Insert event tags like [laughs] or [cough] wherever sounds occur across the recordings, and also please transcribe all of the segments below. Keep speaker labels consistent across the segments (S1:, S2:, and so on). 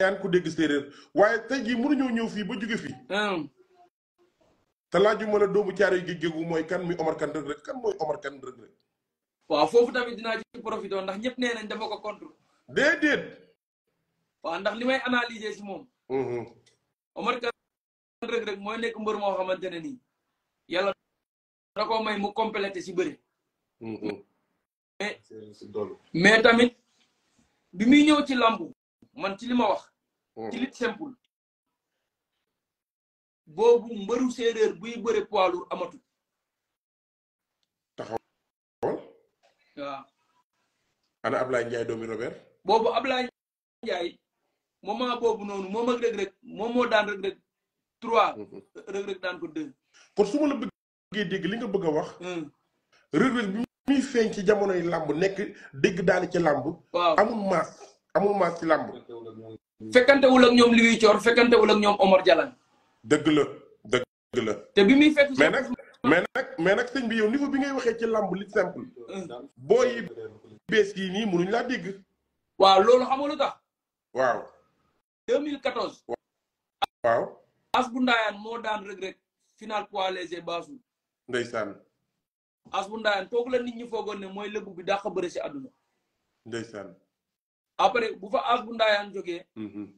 S1: yaan ku dégg waye tay ji jii mënuñoo ñëw fi ba jóge fii te laaju ma doomu caare yi géej moy kan mi Omar kan rek kan moy Omar kan rek rek
S2: wa fofu tamit dina ci profito ndax ñepp nee nañ dama ko contre déedéet wa ndax limay analyser si moom mhm. Omar kan rek rek moy nek mbeur mo xamantene ni yalla da ko may mu complété mhm. si bëri mais tamit bi mi ñëw ci lambu man ci li wax. ci hmm. lit simple. boobu mbëru séeréer buy bëre poids lourd amatul. taxaw waaw. ana
S1: Ablaye Ndiaye doomi Robert.
S2: boobu Ablaye Ndiaye moment boobu noonu moom ak Reug Reug daan Reug Reug trois. Hmm. Reug Reug daan ko deux.
S1: kon su la bëggee dégg li nga bëgg a wax. Hmm. Reug Reug muy feeñ ci jamonoy làmb nekk dégg daani ci làmb. waaw amul maas. amuma ci làmb wul ak ñoom cior Thior wul ak ñom Omar Jalan deug la deug la te bi mi fekk mais nak mais nak mais nak señ bi yow niveau bi ngay waxe ci lamb li simple boy bes
S2: bees ni nii la deg wa lolu loolu tax wa 2014 wa as bu ndayan mo daan reg reg final poids basu baasul ndeysaan as bu ndayan kooku la nit ñi foogoon ne moy lëbu bi da bëre ci aduna ndaysan après bu fa as bu ndaayaan jógee. Mhm.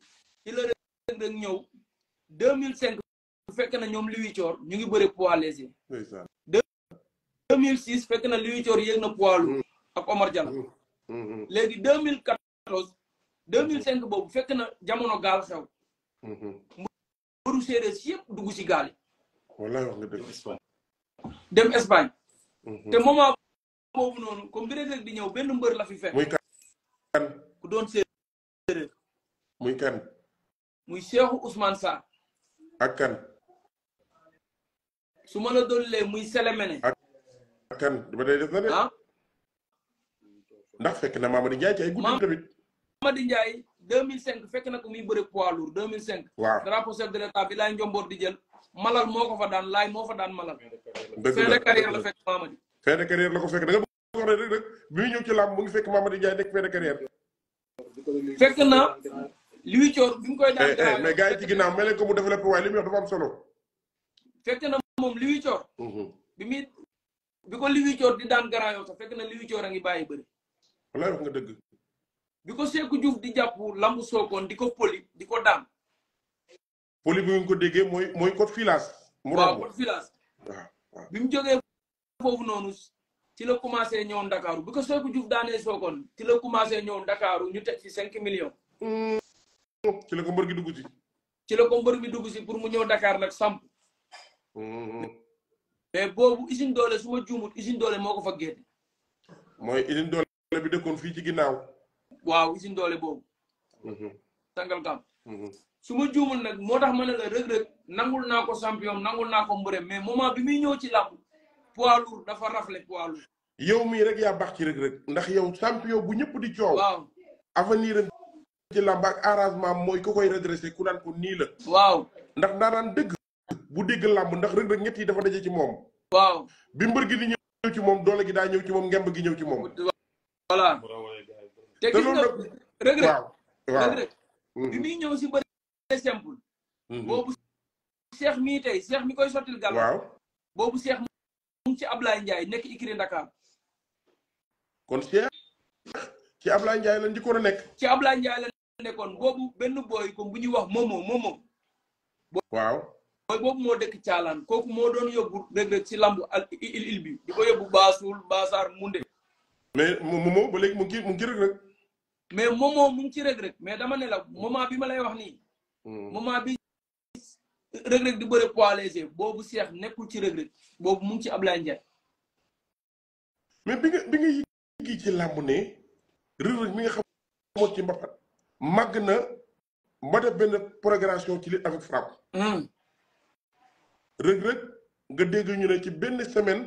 S2: ci la rek rek ñëw deux mille cinq bu fekk na ñoom liwi ñu ngi bëri poids léger. deux mille fekk na liwi coor yéeg na poids lu mhm. mhm. léegi deux mille quatorze deux mille cinq boobu fekk na jamono gaal yëpp dugg si gaal yi dem Espagne te noonu comme bi di ñëw benn mbër la fi fekk doon séeréer. muy kan. muy seexu Ousmane Sarr. ak kan. su ma la dollee muy Sélémène. ak kan ba tey def na de. Ah? ndax fekk na Mamady Ndiaye ci ay guddi tamit. Mamady Ndiaye 2005 fekk na ko muy bëre poids lourd 2005. waaw drapeau chef de l'état bi laay njomboor di jël. malal moo ko fa daan laay moo fa daan malal. dëgg la fin de la fekk Mamady.
S1: fin de la ko fekk da muy ñëw ci làmb mu ngi fekk Mamady Ndiaye nekk fin de fekk na Louis Thior bi mu koy daan garaawee eh, eh, mais gars yi ci ginnaaw mel ko mu développé waaye li muy wax dafa am solo.
S2: fekk na moom Louis Thior. Mhm. bi muy bi ko di daan garaawee sax fekk na Louis Thior a ngi bàyyi bëri.
S1: wallaahi wax nga dëgg.
S2: bi ko Sékou Diouf di jàpp lambu sookoon di ko
S1: poli di ko daan. poli bi nga ko déggee mooy mooy code filage. mu romb waaw code
S2: filage. waaw waaw foofu noonu ci la commencé ñëw Ndakaaru bu ko Sékou Diouf daanee Sokone ci la commencé ñëw Ndakaaru ñu teg ci cinq millions. ci la ko mbër gi dugg si. ci la ko mbër bi dugg si pour mu ñëw Dakar nag samp. Mm-hmm. mais boobu usine doole su ma juumut usine doole moo ko fa génne. mooy usine doole bi dëkkoon fii ci ginnaaw. waaw usine doole boobu. Mm-hmm. sangal kam. Mm-hmm. su ma juumul nag moo tax ma ne la rëg-rëg nangul naa ko nangul naa ko mbërëm mais moment bi muy ñëw ci làmb poids lourd dafa rafle poids lourd.
S1: yow mii rek yaa baax ci Reug rek ndax yow yow bu ñëpp di coow. waaw avenir am ci làmb ak arrangement mooy ku koy redressé ku naan ko nii la. waaw ndax daanaan dëgg. bu dégg làmb ndax Reug Reug ñett yi dafa daje ci moom. waaw bi mbër gi di ñëw ci moom doole gi daa ñëw ci moom ngemb gi ñëw ci moom.
S2: voilà te gis nga Reug Reug waaw waaw Reug Reug mm-hmm. si bëri simple. Mm-hmm. boobu Cheikh mii tey Cheikh mi koy sottil gal waaw boobu Cheikh mu ci Ablaye Ndiaye nekk Ikiri Dakar. kon Cheikh ci Ablaye Ndiaye lañ njëkkoon a nekk. ci Ablaye Ndiaye lañ nekkoon boobu benn booy comme bu ñuy wax momo momo. waaw. booy boobu moo dëkk caalaan kooku moo doon yóbbu Reug Reug ci lambu al il il bi di ko yóbbu Baasul Baasaar Munde. mais momo ba léegi mu ngi mu ngi Reug mais momo mu ci Reug Reug mais dama ne la bi ma lay wax ni hmm. moment bi Reug Reug di bëre poids léger boobu Cheikh nekkul ci Reug boobu mu ngi ci Ablaye Ndiaye. mais bi nga bi nga
S1: yëg ci làmb ne Reug mi nga xam moo ci mbapat màgg na ba def benn progression ci li avec frappe. Hmm. Reug nga dégg ñu ne ci benn semaine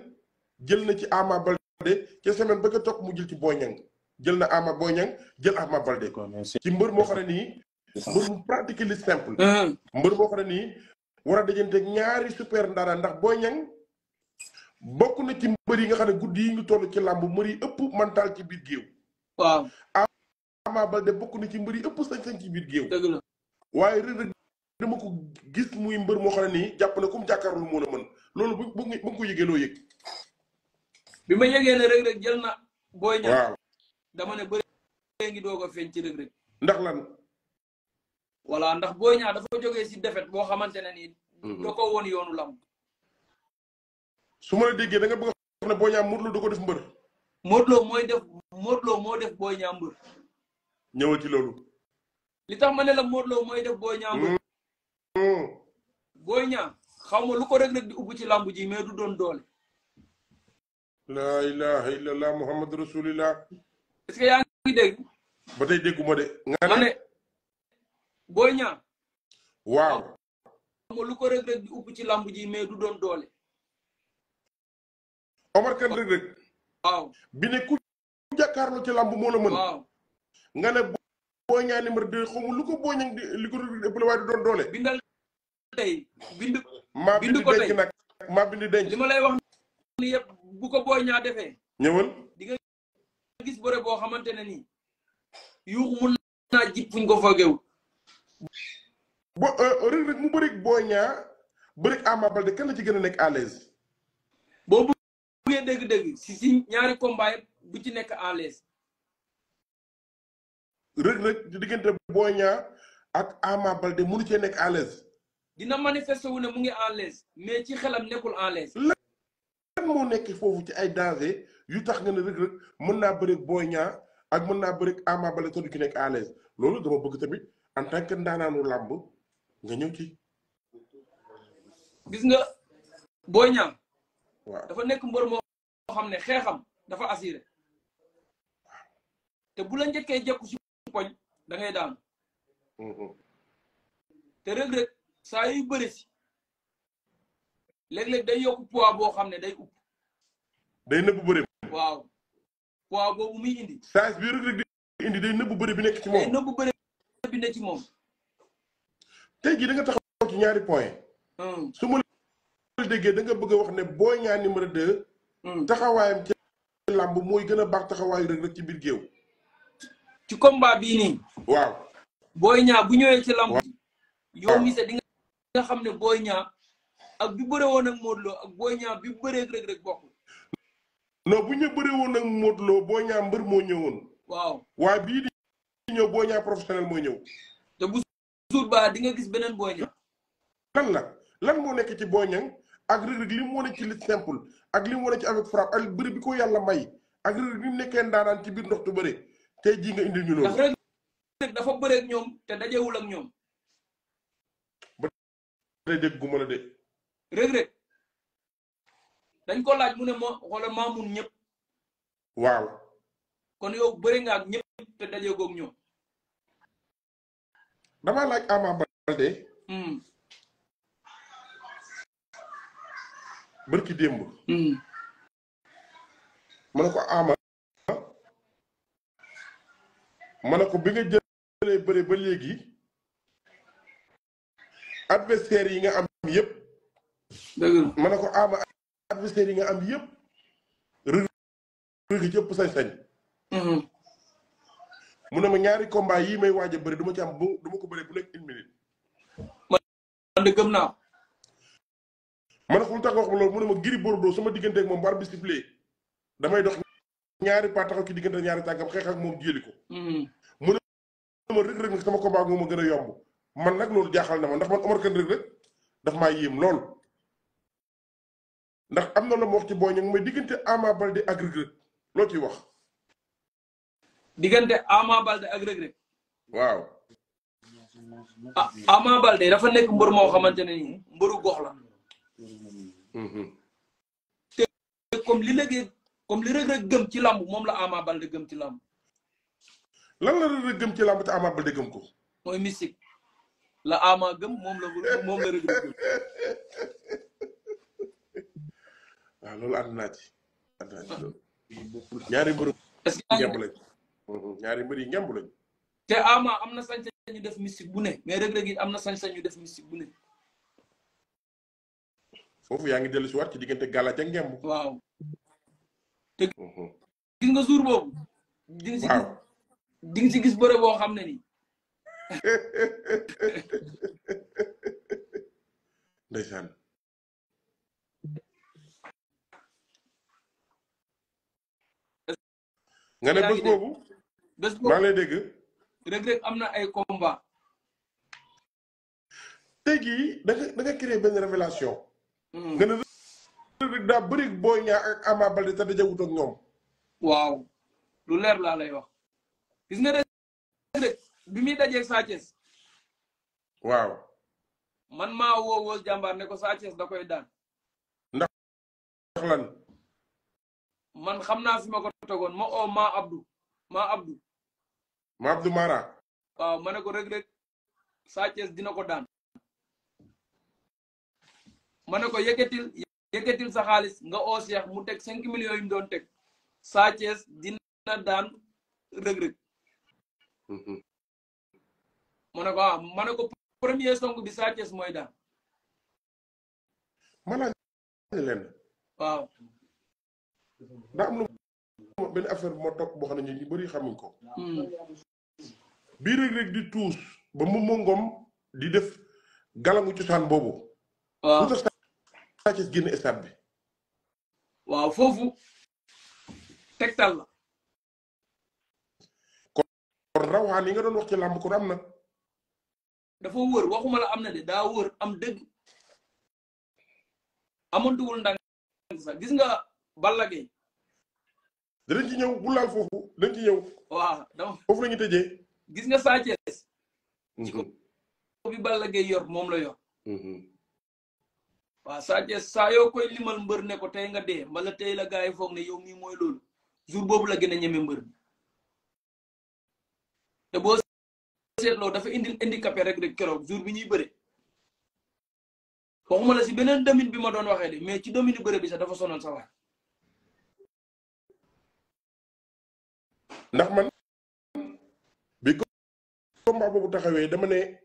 S1: jël na ci Ama Balde ca semaine ba nga toog mu jël ci Boy Niang jël na Ama Boy jël Ama Balde. ci mbër moo xam ne nii. mbër mu pratiquer simple. Hmm. mbër moo xam ne nii. war a dajante ñaari super ndara ndax Boy Niang bokk na ci mbër yi nga xam ne guddi yi ñu toll ci làmb mbër yi ëpp mantaal ci biir géew. waaw Ama Baldé ci mbër yi ëpp sañ-sañ ci biir géew. dëgg waaye Reug Reug dama ko gis muy mbër moo xam ne nii jàpp na comme jàkkaarloo moo la mën
S2: loolu bu bu bu ko yëgee loo yëg. bi ma yëgee ne Reug Reug jël na. Boy Niang dama ne bëri ngi doog a feeñ ci Reug Reug. ndax lan. voilà ndax Boy Niang dafa jógee si defet boo xamante ne nii. Mm-hmm. da ko woon yoonu lamb.
S1: su ma la déggee da nga bëgg a xam ne Boy Niang ko def mbër. Modou
S2: mooy def Modou Lo moo def Boy Niang mbër. ñëwal ci loolu. li tax ma ne la Modou mooy def Boy Niang mbër. Mm-hmm. Boy Niang xaw ma lu ko rek rek di ubbi ci lamb ji mais du doon doole.
S1: laa ilaha illallah muhammad rasulillah.
S2: est-ce que yaa ngi dégg. ba tey dégguma de. nga ne. Boy Niang waaw xam lu ko Reug Reug di ci lamb ji mais du doon doole Omar Kane Reug waaw bi ne ku
S1: jàkkaarloo ci lamb moo la mën waaw nga ne Boy Niang numéro deux xamu lu ko Boy Niang li du doon doole bindal tey bind maa bind ko tey
S2: lay wax ni yëpp bu ko Boy Niang defee gis bëre boo xamante ne nii yuux mun naa jib fuñ ko
S1: bo Reug Reug mu bëri Boy Niang bëri Ama kenn la ci gën a nekk
S2: à l'aise. boo bëggee dégg-dégg si si ñaari combat yëpp bu ci nekk à l'aise. Reug di diggante Boy Niang
S1: ak Ama mu mënu cee nekk à l'aise.
S2: dina manifester wu ne mu ngi à l'aise mais ci xelam nekkul à l'aise. lan
S1: moo nekk foofu ci ay danger yu tax nga ne Reug Reug naa bëri Boy Niang ak mën naa bëri amaa Baldé te du ci nekk à loolu dama bëgg tamit. en tant que
S2: ndaanaanu làmb nga ñëw ci. gis nga boo Niang. dafa nekk mbër moo xam ne xeexam dafa assuré. te bu la njëkkee jekku si poñ da daanu. Mm-hmm. te rëg-rëg saa yu bëri si léeg day yokk poids boo xam ne day upp day nëbb bëri waaw poids boobu muy indi saa bi rëg-rëg indi day nëbb bëri bi nekk ci moom day nëbb bëri bind ci moom.
S1: tey jii da nga taxaw ci ñaari point hmm. su ma la déggee da nga bëgg a wax ne booy Boy Niang numéro 2. Hmm. taxawaayam ci làmb mooy gën a baax taxawaayu
S2: rek rek ci biir géew. ci combat bii nii. waaw. Boy Niang bu ñëwee ci làmb. yow mi se di xam ne Boy Niang ak bi bëre woon ak Modou ak booy ñaar bi bëree rek rek bokkul. non bu ñu bëree woon ak Modou Lo Boy
S1: mbër moo ñëwoon. waaw waaye bii di di ñëw booy ñaar professionnel mooy ñëw. te bu sul ba di nga gis benen booy ñaar. lan la lan mo nekk ci booy ñaar ak rek Reug li mo wane ci lutte simple ak li mo wane ci avec frappe al bëri bi ko yalla may ak rek Reug bi mu nekkee ndaanaan ci biir ndox tu bëri tey ji nga indi ñu lool ndax dafa bëree ak ñom te dajé wul ak ñom ba tey dégg gu ma la de. rek Reug
S2: dañ ko laaj mu ne mo xol maamun ñëpp. waaw. kon yow bëri nga ak ñëpp te dajé gog ñom
S1: damaa laaj Ama Baldé. Hmm. bërki démb. ma hmm. ne ko Ama. ma ne ko bi nga jëlee ba léegi. adversaire yi nga am yëpp. dëgg ma ko Ama adversaire yi nga am yëpp. rëgg rëgg ci sañ-sañ. Hmm. mu ne ma ñaari combat yii may waaj a bëri du ma ci am bu du ma ko bëree bu nekk une minute. man de naa. ma ne ko tax wax ma loolu mu ne ma Gris Bordeaux sama diggante moom bu arbitre sifflé damay dox ñaari pas taxaw ci diggante ñaari tàggam xeex ak moom jëli ko. Hmm. mu a ma Reug Reug sama combat ak moom ma gën a yomb man nag loolu jaaxal na ma ndax man Omar Kane Reug Reug daf maa yéem lool. ndax am na la ma wax ci booy ñoom mooy diggante Ama Baldé ak Reug Reug loo ciy wax.
S2: digante Ama Balde ak Reug Reug waaw ah Ama Balde dafa nek mbër mo xamanteni ne gox la hmm te comme li léegi comme li Reug Reug gëm ci lamb mom la Ama Balde gem ci lamb lan la Reug gem ci lamb te Ama Balde gem ko moy mystique la Ama gem mom la mom la Reug gem [laughs]
S1: ah waaw loolu ànd naa ci ànd naa ci loolu ah. ñaari mbër ñaari mm-hmm. mbir yi ngemb lañ
S2: té ama amna sañ sañ def mystique bu né mais rek rek amna sañ sañ def mystique bu né
S1: fofu yaa ngi dellu si ci diggante gàllaaj waaw té mm-hmm. gis
S2: nga jour bobu ding ci ding ci gis bëre bo xamné ni ndaysan nga ne bobu bés boobu maa ngi am na ay combat
S1: tey jii da nga da révélation. Hmm. nga ne
S2: Reug daa bëri Boy Niang ak Ama Baldé te dajawut ak ñoom. lu leer laa lay wax. gis nga Reug Reug bi muy dajee Sa Thiès. waaw. man maa woo woo jàmbaar ne ko Sa Thiès da koy daan.
S1: ndax lan.
S2: man xam naa fi ma ko tegoon ma oo maa Abdou
S1: ma Abdou Mara.
S2: waaw ma ko Reug Reug Sa dina ko daan ma ko yëkkatil yëkkatil sa xaalis nga oo Cheikh mu teg cinq millions yu mu doon teg Sa Thiès dina daan Reug Reug mm-hmm. ma ko ah ma ko premier song bi Sa Thiès daan ma laaj leen waaw
S1: da am benn affaire bu ma topp boo xam ne ñu bëri xamuñ ko. Hmm. bii rek rek di tuus ba mu mongom di def galangu cosaan boobu. waaw lu tax Sa Thiès génn bi. la.
S2: kon rawaxaan yi nga doon wax ci làmb kon am na. dafa wër waxuma la am na de daa wër am dëgg. amantuwul ndànk sax gis nga Balla Gaye danañ ci ñëw bu laal foofu danañ ci ñëw. waaw donc foofu la ñu tëjee. gis nga Sa Thiès. Mhm. ci ko bi Balla yor moom la yor. Mhm. waaw Sa Thiès saa yoo koy limal mbër ne ko tey nga dee mbala tey la gaa yi foog ne yow mii mooy loolu jour boobu la gën a ñeme mbër bi te boo seetloo dafa indi handicapé rek rek keroog jour bi ñuy bëre. waxuma la si beneen domaine bi ma doon waxee de mais ci domaine bëre bi sax dafa sonal sa
S1: ndax man bi
S2: combat boobu taxawee dama ne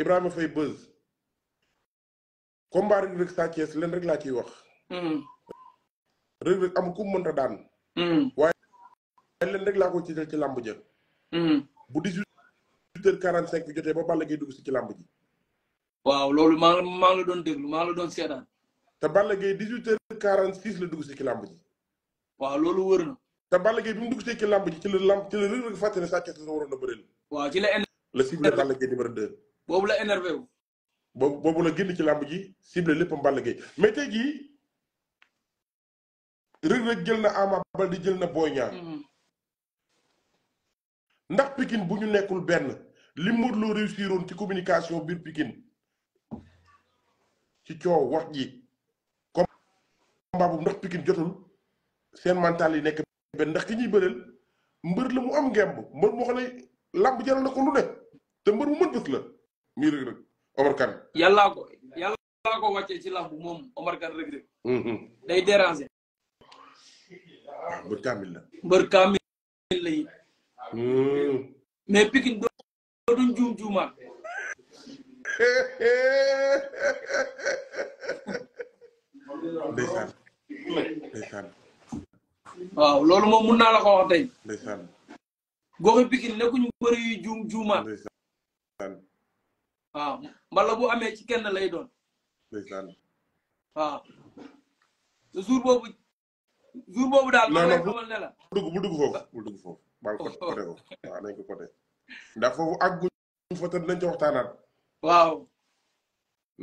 S1: Ibrahima Faye Beuz combat Reug Reug Sa Thiès leen rek laa ciy wax. Hmm. Reug Reug am ku mënta daan. Hmm. waaye leen rek laa ko ci jël ci làmb jël. Hmm. bu dix huit heures quarante cinq bi jotee ba Balla Gaye dugg ci làmb ji.
S2: waaw loolu maa maa la doon déglu maa la doon seetaan.
S1: te Balla Gaye dix quarante six la dugg si ci làmb waaw loolu wër na. te Balla Gaye bi mu dugg ci làmb ji ci la làmb ci la Reug Reug fàtte ne Sa Thiès la waroon a bëreel. waaw ci la énervé la ciblé boobu la énervé wu. boobu boobu la génn ci làmb ji ciblé léppam Balla Gaye mais tey jii Reug jël na Ama Baldé jël na Boy Niang. Mm-hmm. ndax Pikine bu ñu nekkul benn lim Modou Lo réussir ci communication biir Pikine ci coow wax ji. combat boobu ndax Pikine jotul seen mantal yi nekk. ben ndax ki ñi bëreel mbeur la mu am ngemb mbeur mo xone lamb jaral na ko lu ne te mbeur mu mën gis la mi reug reug omar kan
S2: yalla ko yalla ko wacce ci lamb mom omar kan hmm day déranger mbeur kamil la mbeur kamil la yi mm. mais pikin do duñ [laughs] waaw loolu moom mun naa la ko wax tey. ndeysaan. goxu Pikine nekkuñu bëri yu mbala bu amee ci kenn lay doon. ndeysaan. waaw. boobu jour boobu daal. non
S1: dugg bu dugg dugg foofu. maa ngi ko côté [laughs] waaw nañ ko côté. ndax foofu àgguñu fa te dinañ ci waxtaanaat. waaw.